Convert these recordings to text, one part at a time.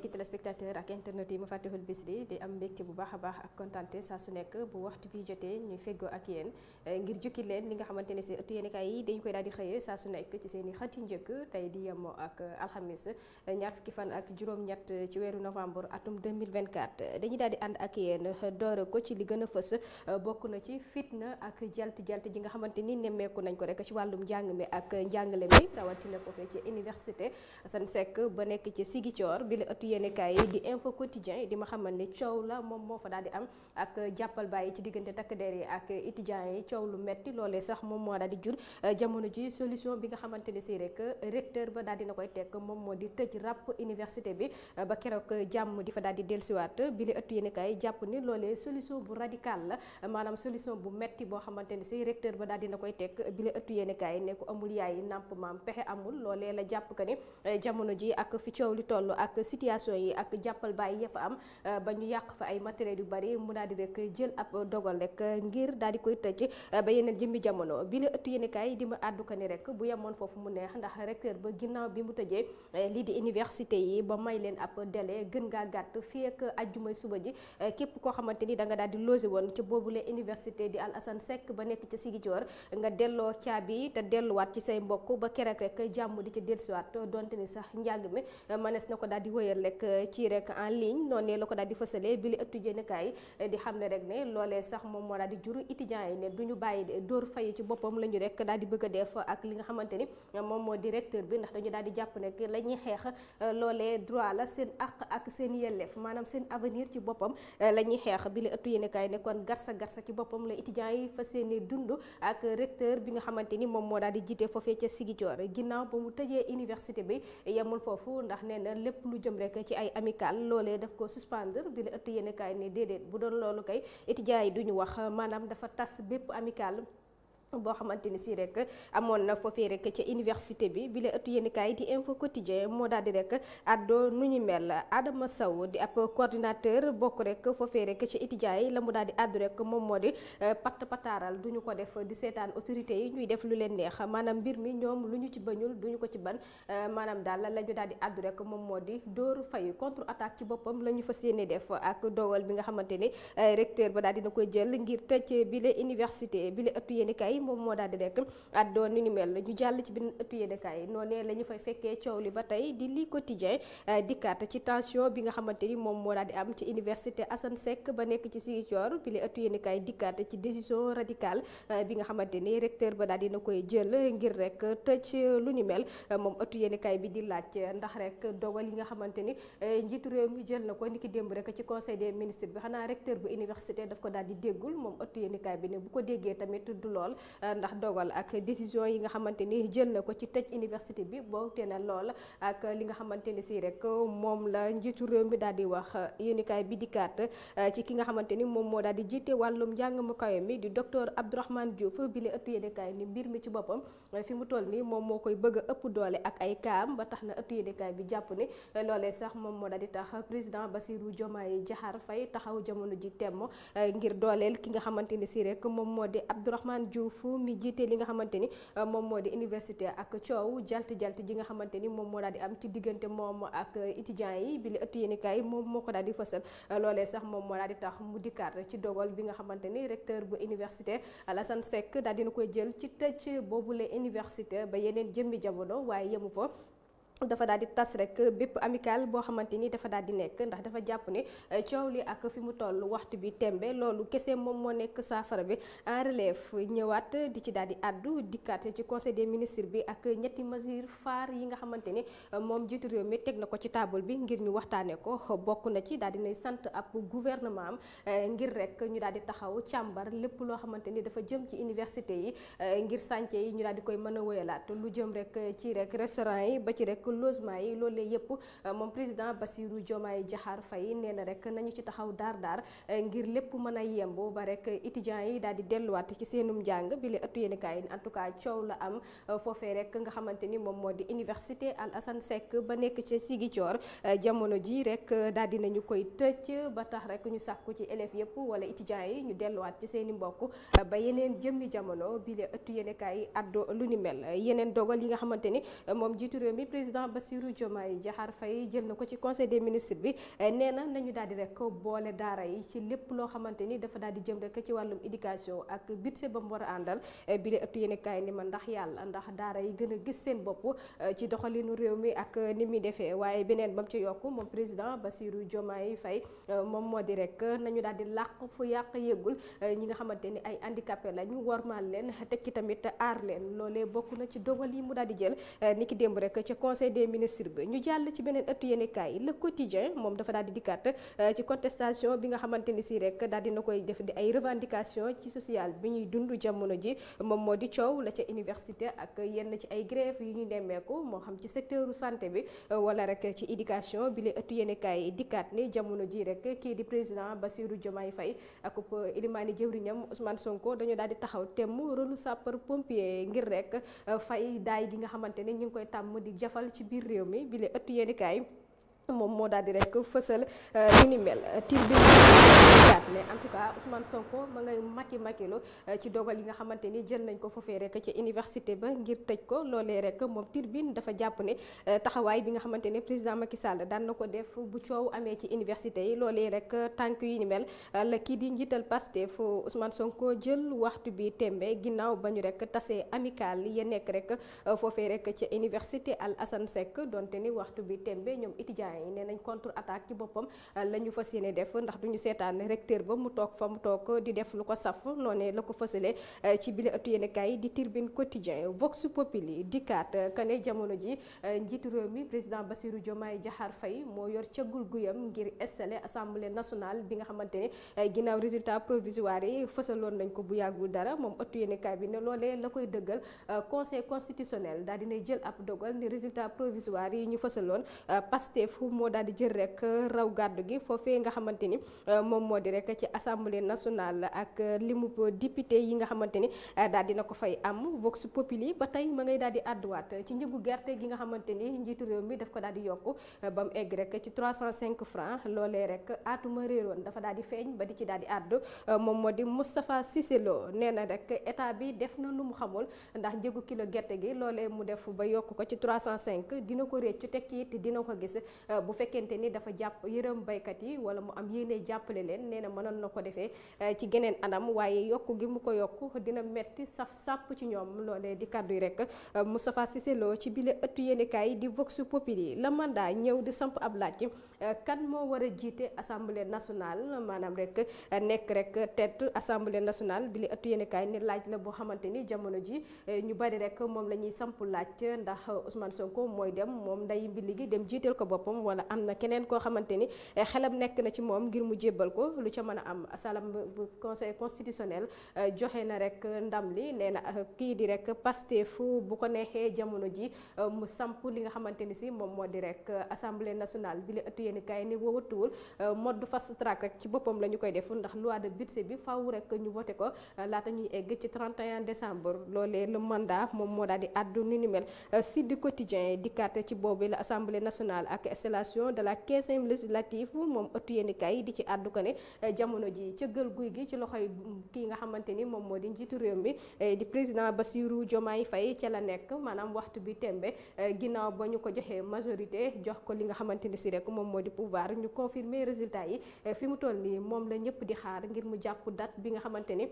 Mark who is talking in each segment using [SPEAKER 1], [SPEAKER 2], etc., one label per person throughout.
[SPEAKER 1] mbokki téléspectateur ak internet yi mu fàttewul Bichri di am mbégte bu baax a baax ak kontante saa su nekk bu waxtu bi jotee ñuy feggoo ak yéen eh, ngir jukki leen li nga xamante ne si ëttu yéenekaay yi dañ koy daal di xëyee saa su nekk ci seen i njëkk tey di yemoo ak alxamis eh, ñaar fukki fan ak juróom-ñett ci weeru novembre atum 2024 dañuy daal di ànd ak yéen eh, doore ko ci li gën a fës bokk na ci fitna ak jalt jalt ji nga xamante ni nemmeeku nañ ko rek ci wàllum njàng mi ak njàngale mi rawatina foofee ci université Assane Seck yéenekaay yi di info quotidien di ma xamal ne coow la moom moo fa daal di am ak jàppal bàyyi ci diggante takk der yi ak étudiants yi coow lu metti loolee sax moom moo daal di jur euh, jamono ji solution bi nga xamante ne si rek recteur ba daal dina koy tekk moom moo di tëj ràpp université bi euh, ba keroog jàmm fa daal di dellusiwaat bi li ëttu yéenekaay jàpp ni loolee solution bu radical la maanaam solution bu metti boo xamante ne si recteur ba daal dina koy tekk bi li ëttu yéenekaay ne ko amul yaay nàmp maam pexe amul loolee la jàpp ka ni euh, jamono ji ak fi coow li toll ak situation association yi ak jàppal bàyyi yafa am euh, ba ñu yàq fa ay matériel yu bari mu daal di rek jël ab dogal rek ngir daal di koy tëj euh, ba yeneen jëmmi jamono bi la ëtt yenekaay di ma àddu ko ni rek bu yemoon foofu mu neex ndax recteur ba ginnaaw bi mu tëjee euh, lii di université yi ba may leen ab délai gën ngaa gàtt fi ak ajjumay suba ji képp koo xamante ni danga nga daal di logé woon ci boobule université di Al Assane Seck ba nekk ci Ziguinchor nga delloo caabi te delluwaat ci say mbokk ba keroog rek jàmm di ci dellusiwaat donte ni sax rek eh, ci rek en ligne noonu la ko daal di fësalee bi li ëttu jënekaay eh, di xam ne rek ne loolee sax moom moo daal di juru étudiants yi ne du ci boppam la ñu rek bi la ñuy xeex eh, loolee droit la seen àq ak seen yelleef maanaam la ñuy xeex dund ak recteur bi nga xamante ni moom moo daal di jiite foofee ca Sigicoor ginnaaw ba mu tëjee université bi yemul foofu ndax nee lépp lu jëm rek nekk ci ay amical loolee daf ko suspendre bi la ëtt yéenekaay ne déedéet bu doon loolu kay étudiants yi duñu wax maanaam dafa tas bépp amical boo xamante ni si rek amoon na foofee rek ca université bi bi la ëttu yéenekaay di info quotidien moo daal di rek addo nu ñu mel Adama Sow di ab coordinateur bokk rek foofee rek ca étudiants yi la mu daal di addu rek moom moo di euh, patt pataaral du ñu ko def di seetaan autorité yi ñuy def lu leen neex maanaam mbir mi ñoom lu ñu ci bañul duñu ko ci ban euh, maanaam daal la ñu daal di addu rek moom moo di dóor fayu contre attaque ci boppam la ñu fas yéene def ak dogal bi nga xamante ni euh, recteur ba daal dina ko jël ngir tëj bi la université bi la ëttu yéenekaay Gueye moom moo daal di rek addoo ni ni mel ñu jàll ci benn ëttu yéenekaay noonee la ñu fay fekkee coow li ba tey di li quotidien eh, dikkaat ci tension bi nga xamante ni moom moo daal di am ci université Assane ba nekk ci Ziguinchor bi la ëttu yéenekaay dikkaat ci décision radicale eh, bi nga xamante ni recteur ba daal dina koy jël ngir rek tëj lu ni mel eh, moom ëttu yéenekaay bi di laaj ndax rek dogal yi nga xamante ni njiitu réew mi jël na ko ni ki démb rek ci conseil de ministres bi xanaa recteur bu université daf ko daal di déggul moom ëttu yéenekaay bi ne bu ko déggee tamit du lool Euh, ndax dogal ak décision yi nga xamante ni jël na ko ci tëj université bi bootee na lool ak li nga xamante ni si rek moom la njiitu réew mi daal di wax yéenekaay bi dikkaat euh, ci ki nga xamante ni moom moo daal di jiite wàllum njàng mu kawe mi di docteur Abdourahmane bi la ëtt ni mbir mi ci boppam euh, fi mu toll nii moom moo koy bëgg ëpp doole ak ay kaam ba tax na ëtt yéenekaay bi jàpp ni loolee sax moom moo daal di tax président Bassirou Diomaye Diakhar Faye taxaw jamono ji temm ngir dooleel ki nga Diouf mi jiite li nga xamante ni euh, moom moo di université ak coow jalt jalt ji nga xamante ni moom moo daal di am ci diggante moom ak étudiants yi bi li ëtt yéenekaay moom moo ko daal di fësal euh, loolee sax moom moo daal di tax mu dikkaat ci dogal bi nga xamante ni recteur bu université san Seck daal dina koy jël ci tëj boobule université ba yeneen jëmmi jamono waaye yemu fa dafa daal di tas rek bépp amical boo xamante nii dafa daal di nekk ndax dafa jàpp ni eh, coow li ak fi mu toll waxtu bi tembe loolu kese moom moo nekk saafara bi en relève ñëwaat di ci daal di addu dikkaat ci conseil des ministres bi ak ñetti mesures phares yi nga xamante ni eh, moom jiitu réew mi teg na ko ci taabal bi ngir ñu waxtaanee ko bokk na ci daal di nay sant ab gouvernement am eh, ngir rek ñu daal di taxaw càmbar lépp loo xamante ni dafa jëm ci université yi ngir sànce yi ñu daal di koy mën a wéyalaat lu jëm rek ci rek restaurant yi ba ci logement yi loolee yëpp euh, moom président Bassirou Diomaye Diakhar Faye nee na rek nañu ci taxaw daar daar euh, ngir lépp mën a yem ba rek étudiants yi daal delluwaat ci seenum njàng bi lee ëttu yéenekaay en tout cas coow la am euh, foofee rek nga xamante ni moom moo di université Al Assane Seck ba nekk ci Ziguinchor jamono ji rek daal di nañu koy tëj ba tax ñu sàkku ci élèves yëpp wala étudiants yi ñu delluwaat ci seen mbokk ba yeneen jëmmi jamono bi lee ëttu yéenekaay addo lu ni mel yeneen dogal yi nga xamante moom jiitu réew mi président président Bassirou Diomaye Diakhar Faye jël na ko ci conseil des ministres bi eh, nee nañu daal rek boole daara yi ci lépp loo xamante ni dafa daal jëm rek ci wàllum éducation ak budget ba mu war a àndal eh, bi ëpp yéenekaay ni a gis seen bopp eh, ci doxalinu mi ak ni muy defee waaye beneen ba mu ci yokk moom président Bassirou Diomaye Faye moom moo di rek nañu daal di làq fu yàq yëgul ñi nga xamante ni ay handicapé lañu warmaal leen teg ci tamit aar leen loolee bokk na ci dogal yi mu daal di jël niki démb rek ci conseil des ministres bi ñu jàll ci beneen ëttu yéenekaay le quotidien moom dafa daal di dikkaat euh, ci contestation bi nga xamante ni si rek daal dina koy def di ay revendication ci sociale bi ñuy dund jamono ji moom moo di coow la ca université ak yenn ci ay grève yu ñu nemmeeku moo xam ci secteuru santé bi euh, wala rek ci éducation bi la ëttu yéenekaay dikkaat ni jamono ji rek kii di président Bassirou Diomaye Faye ak ilimaani jëwriñam Ousmane Sonko dañoo daal di taxaw temm rôlu sapeur pompier ngir rek euh, fay daay gi nga xamante ci biir réew mi bi le ëttu yéenekaay moom moo daal di rek fësal euh, li ni mel tiir bi ma ngay euh, ci dogal yi nga xamante ni jël nañ ko foofee rek ci iniversité ba ngir tëj ko loolee rek moom tiir dafa jàpp ne euh, taxawaay bi nga xamante ne président Macky Sall daan na ko def bu coow amee ci université yi loolee rek tànk yu ni mel la kii di njiital Pastef Ousmane Sonko jël waxtu bi tembe ginnaaw ba ñu rek tasee amical ya nekk rek foofee rek ci université Al Assane Seck donte ni waxtu bi tembe ñoom étudiants yi nee nañ contre attaque ci boppam euh, la ñu fas yéene def ndax duñu seetaan recteur ba mu toog fa mu toog di def lu ko saf noonee la ko fësale euh, ci bile ëttu yéenekaay di Tribune Quotidien Vox Populi dikkaat kane euh, jamono ji njiitu réew mi président Bassirou Diomaye Diakhar Faye moo yor cëggul guyam ngir installé assemblée nationale bi nga xamante ne ginnaaw résultat provisoire yi fësaloon nañ ko bu yàggul dara moom ëttu yéenekaay bi ne loolee la koy dëggal conseil constitutionnel moo daal di jël rek raw gàddu gi foofee euh, di rek ci assemblée nationale ak euh, limu député yi nga xamante ni euh, daal dina ko fay am vox populi ba tey ma ngay daal di àdduwaat ci njëgu gerte gi nga xamante ni njiitu réew mi daf ko daal di yokk ba mu egg rek ci 305 francs loolee rek aatuma réeroon dafa daal di feeñ ba di ci daal di àddu moom moo di Moustapha Cissé Lo nee na bi def na lu mu xamul ndax njëgu kilo gerte gi loolee mu def ba yokk ko ci 305 dina ko réccu tekki it dina ko gis Euh, bu fekkente ni dafa jàpp yërëm baykat yi wala mu am yéene jàppale leen nee na mënoon na ko defee euh, ci geneen anam waaye yokk gi mu ko yokk dina metti saf sàpp ci ñoom loolee di kàddu yi rek euh, Moustapha Cissé Lo ci bile ëttu yéenekaay di Vox Populi la mandat ñëw di samp ab laaj kan moo war a jiite assemblée nationale maanaam rek nekk rek tête assemblée nationale bi li ëttu yéenekaay laaj la boo xamante ni jamono ji ñu bari rek moom la ñuy samp laaj ndax Ousmane mooy dem moom nday mbili gi dem jiiteel ko boppam doom wala am na keneen koo xamante ni eh, xelam nekk na ci moom ngir mu jébbal ko lu ca mën a am salam bu conseil constitutionnel eh, joxe na rek ndam li nee na eh, kii di rek Pastef bu ko neexee jamono ji mu samp li nga xamante ni si moom moo di rek assemblée nationale bi la ëttu yéen kaay ni wowatuwul mode fast track rek ci boppam la ñu koy def ndax loi de bi faaw rek ñu voté ko laata ñuy egg ci 31 décembre loolee le mandat moom moo daal di àddu installation de la quinzième législative moom ëttu yéen kay di ci àddu ko ne eh, jamono ji cëggal guy gi ci loxoy ki nga xamante ni moom moo di njiitu réew mi eh, di président Bassirou Diomaye fay ca la nekk maanaam waxtu bi tembe eh, ginnaaw ba ñu ko joxee majorité jox ko li nga xamante ni si rek moom moo di pouvoir ñu confirmer résultat yi fi mu toll nii moom la ñëpp di xaar ngir mu jàpp date bi nga xamante ni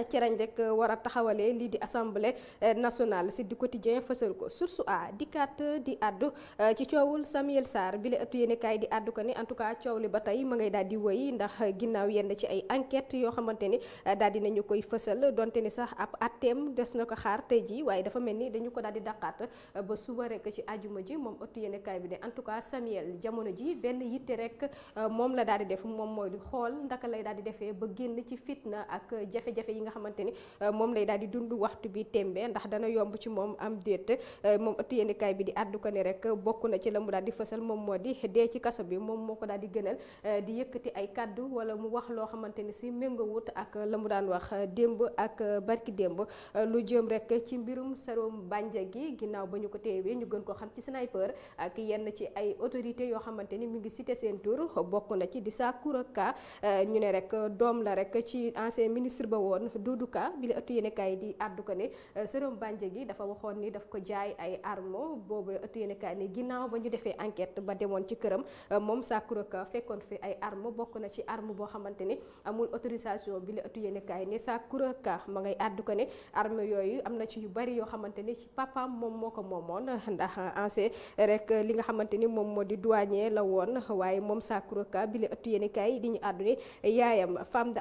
[SPEAKER 1] ci lañ rek euh, war a taxawalee lii di assemblée euh, nationale si du quotidien fësal ko source a dikkaat di addu euh, ci coowul Samuel Sarr bi la ëttu yéenekaay di addu ko ni en tout cas coow li ba tey ma ngay daal di wëy ndax ginnaaw yenn ci ay enquête yoo xamante ni daal di nañu koy fësal donte ni sax ab atteem des na ko xaar tey jii waaye dafa mel ni dañu ko daal di dàqaat ba suba rek ci ajuma ji moom ëttu yéenekaay bi ne en tout cas Samuel jamono ji benn yitte rek moom la daal di def moom mooy di xool ndaka lay daal di defee ba génn ci fitna ak jafe-jafe yi yi nga xamante ni euh, moom lay daal di dund waxtu bi tembe ndax dana yomb ci moom am déet euh, moom ëttu yéenekaay bi di àddu ko ne rek bokk na ci la mu daal di fësal moom moo di dee ci kaso bi moom moo daal di gënal euh, di yëkkati ay wala mu wax loo xamante ni si méngawut ak la mu daan wax démb ak barki démb lu jëm rek ci mbirum Sarom Bandia gi ginnaaw ba ñu ko teewee ñu gën ko xam ci sniper ak yenn ci ay autorités yoo xamante ni mu ngi cité seen tur bokku na ci di Sakoura Ka ñu ne rek doom la rek ci ancien ministre ba woon Doudou Ka bi la ëttu yéenekaay di àddu ko ne euh, sërëm bànje gi dafa waxoon ni daf ko jaay ay armo boobu ëttu yéenekaay ne ginnaaw ba ñu defee enquête ba demoon ci këram euh, moom Sakura Ka fekkoon fi ay arme bokk na ci arme boo xamante ne amul autorisation bi la ëttu yéenekaay ne Sakura Ka ma ngay àddu ko ne arme yooyu am na ci yu bari yoo xamante ne ci papaam moom moo ko moomoon ndax ancien rek li nga xamante ni moom moo di douanier la woon waaye moom saa Ka bi la ëttu yéenekaay di ñu àddu yaayam femme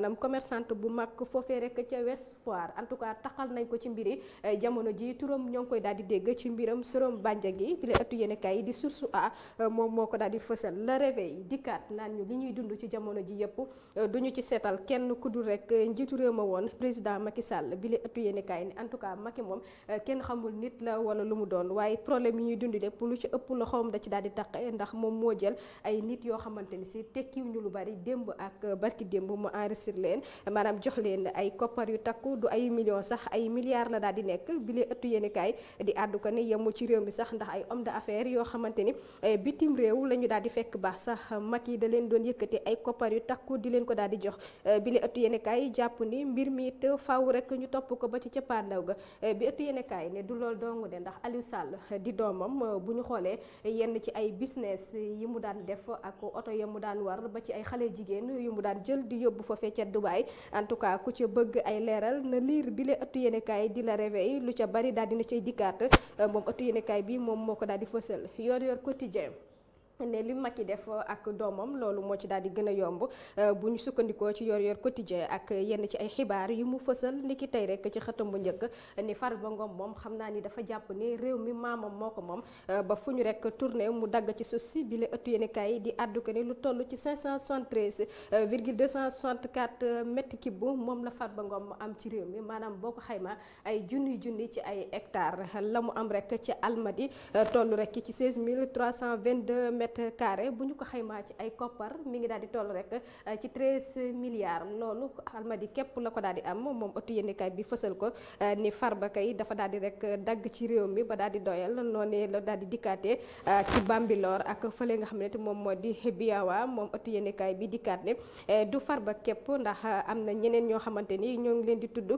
[SPEAKER 1] la ak foofee rek ca West Foire en tout nañ ko ci mbiri eh, jamono ji turam ñoo ngi koy daal di dégg ci mbiram Sorom Bandiaky bi la ëttu yéenekaay di source a eh, moom moo ko daal di fësal le réveil dikkaat naan ñu li ñuy dund ci jamono ji yëpp eh, duñu ci seetal kenn ku dul rek njiitu réew ma woon président Macky Sall bi la ëttu ni en tout cas Macky moom kenn xamul nit la wala lu mu doon waaye problème yi ñuy dund lépp lu ci ëpp loxoom da ci daal di taqe ndax moom moo jël ay nit yoo xamante ni si tekkiw lu bari démb ak barki démb mu enregistré leen leen ay koppar yu takku du ay millions sax ay milliards la daal di nekk bile ëttu yéenekaay di àddu ko ne yemul ci réew mi sax ndax ay hommes d'affaires yoo xamante ni eh, bitim réew la ñu daal di fekk baax sax mag yi da leen doon yëkkati ay koppar yu takku di leen ko daal di jox eh, bile ëttu yéenekaay jàpp ni mbir mi it faaw rek ñu topp ko ba ci ca cappaandaw ga eh, bi ëttu yéenekaay ne du lool dong de ndax Aliou Sall di doomam bu ñu xoolee yenn ci ay business yi mu daan def ak oto ya mu daan war ba ci ay xale jigéen yu mu cas ku ca bëgg ay leeral na liir bi la ëttu yéenekaay di la réveil lu ca bari daal dina cay dikkaat moom ëttu yéenekaay bi moom moo ko daal di fësal yor yor quotidien ne li Macky def ak doomam loolu moo ci daal di gën a yomb euh, bu ñu sukkandikoo ci yor yor quotidien ak yenn ci ay xibaar yu mu fësal niki tey rek ci xëtam bu njëkk ni Farba Ngom moom xam naa ni dafa jàpp ni réew mi maamam moo ko moom euh, ba fu ñu rek tourné mu dagg ci suuf si bi la ëttu yéenekaay yi di àddu ko ni lu toll ci 573 euh, virgule 264 mètre cube bu moom la Farba Ngom am ci réew mi maanaam boo ko xaymaa ay junni junni ci ay hectares la mu am rek ci Almadi toll rek ci 16 mètre carré bu ñu ko xaymaa ci ay koppar mi ngi daal di toll rek euh, ci treize milliards loolu almadi képp la ko daal di am moom ëttu yéenekaay bi fësal ko euh, ni Farba kay dafa daal di rek euh, dagg ci réew mi ba daal di doyal noonu daal di dikkaate ci Bambilor ak fële nga xam ne moom moo di Biawa moom ëttu yéenekaay bi dikkaat ne du Farba képp ndax am na ñeneen ñoo xamante ni ñoo ngi leen di tudd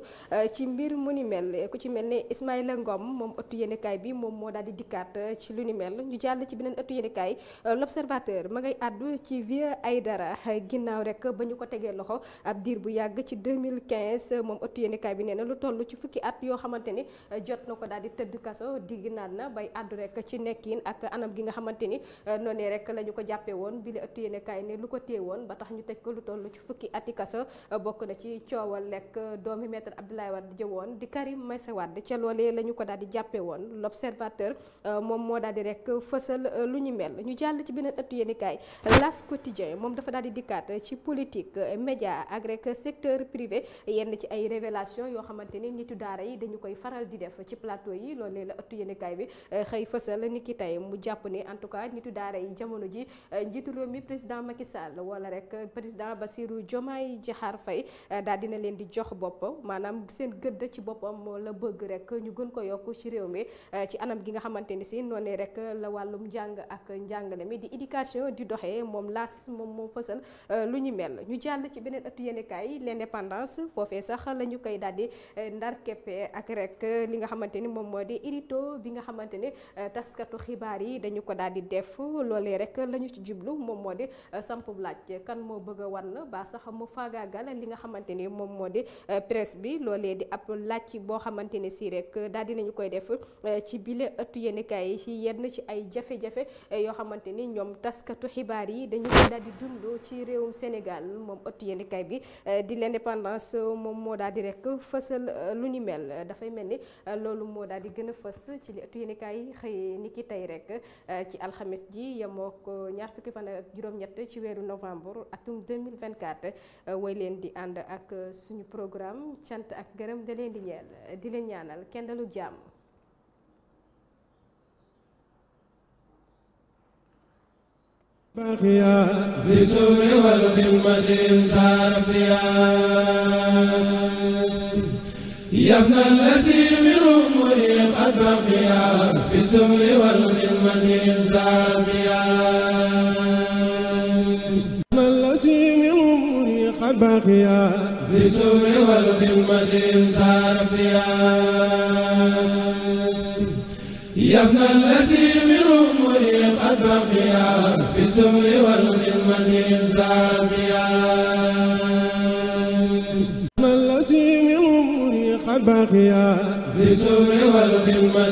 [SPEAKER 1] ci mbir mu ni mel ku ci mel ni Ismaïla Ngom moom ëttu yéenekaay bi moom moo daal di dikkaat ci lu ni mel ñu jàll ci beneen ëttu yéenekaay Euh, l'observateur ma ngay àddu ci Vieux Aïdara ginnaaw rek ba ñu ko tegee loxo ab diir bu yàgg ci 2015 moom ëttu yéenekaay bi nee na lu toll ci fukki at yoo xamante ni euh, jot na ko daal di tëdd kaso digg naan na bay àddu rek ci nekkin ak anam gi nga xamante ni euh, noonee rek la ñu ko jàppee woon bi la ëttu yéenekaay ne lu ko téye woon ba tax ñu tëj ko lu toll ci fukki ati kaso bokk na ci coowal lekk doomi maître Abdoulaye Wade jëwoon di Karim Meïssa Wade ca loolee la ñu ko daal di jàppee woon l'observateur moom moo daal di rek fësal lu ñu mel ñu jàll ci beneen ëttu yéenekaay L'As quotidien moom dafa daal di dikkaat ci politique média ak rek secteur privé yenn ci ay révélation yoo xamante ni nitu daara yi dañu koy faral di def ci plateau yi loolee la ëttu yéenekaay bi eh, xëy fësal ni ki tey mu jàpp ni en tout cas nitu daara yi jamono ji eh, njiitu réew mi président Macky Sall wala rek président Bassirou Diomaye Diakhar fay eh, daal dina leen di jox bopp maanaam seen gëdd ci boppam la bëgg rek ñu gën ko yokk ci réew mi ci anam gi nga xamante ni si noonee rek la wàllum njàng ak njàngale mi di éducation di doxee moom laas moom moom fësal euh, lu ñu mel ñu jàll ci beneen ëttu yéenekaay l'indépendance foofee sax la ñu koy daal di euh, ndar keppe ak euh, li nga xamante ni moom moo di édito bi nga xamante ni taskatu xibaar yi dañu ko daal di def loolee rek la ci jublu moom moo di sampub laaj kan moo bëgg a wan ba sax mu faagaagal li nga xamante ni moom moo di presse bi loolee di ab laaj boo xamante ni si rek daal di nañu koy def ci bile yenn ci ay jafe-jafe yoo xamante xamante ni ñoom taskatu xibaar yi dañu ko daal di dund ci réewum Sénégal moom ëttu yéenekaay bi eh, di l'indépendance moom moo daal di rek fësal eh, lu ni mel eh, dafay mel ni loolu moo daal di gën a fës ci li ëttu yéenekaay yi xëyee ni ki tey rek ci alxamis ji yemoo ko ñaar fukki fan ak juróom-ñett ci weeru novembre atum 2024 way leen di ànd ak suñu programme cant ak gërëm da di ñeel di leen ñaanal kenn dalu jàmm بالسوء والخدمة انسى ربيا يا ابن الذي من أمه قد بقيا بالسوء والخدمة انسى ربيا بقيا بالسوء والخدمة انسى ربيا يا ابن الذي من أمري قد بقيا في الزمر والغلمة زابيا الذي من أمري قد بقيا في الزمر والغلمة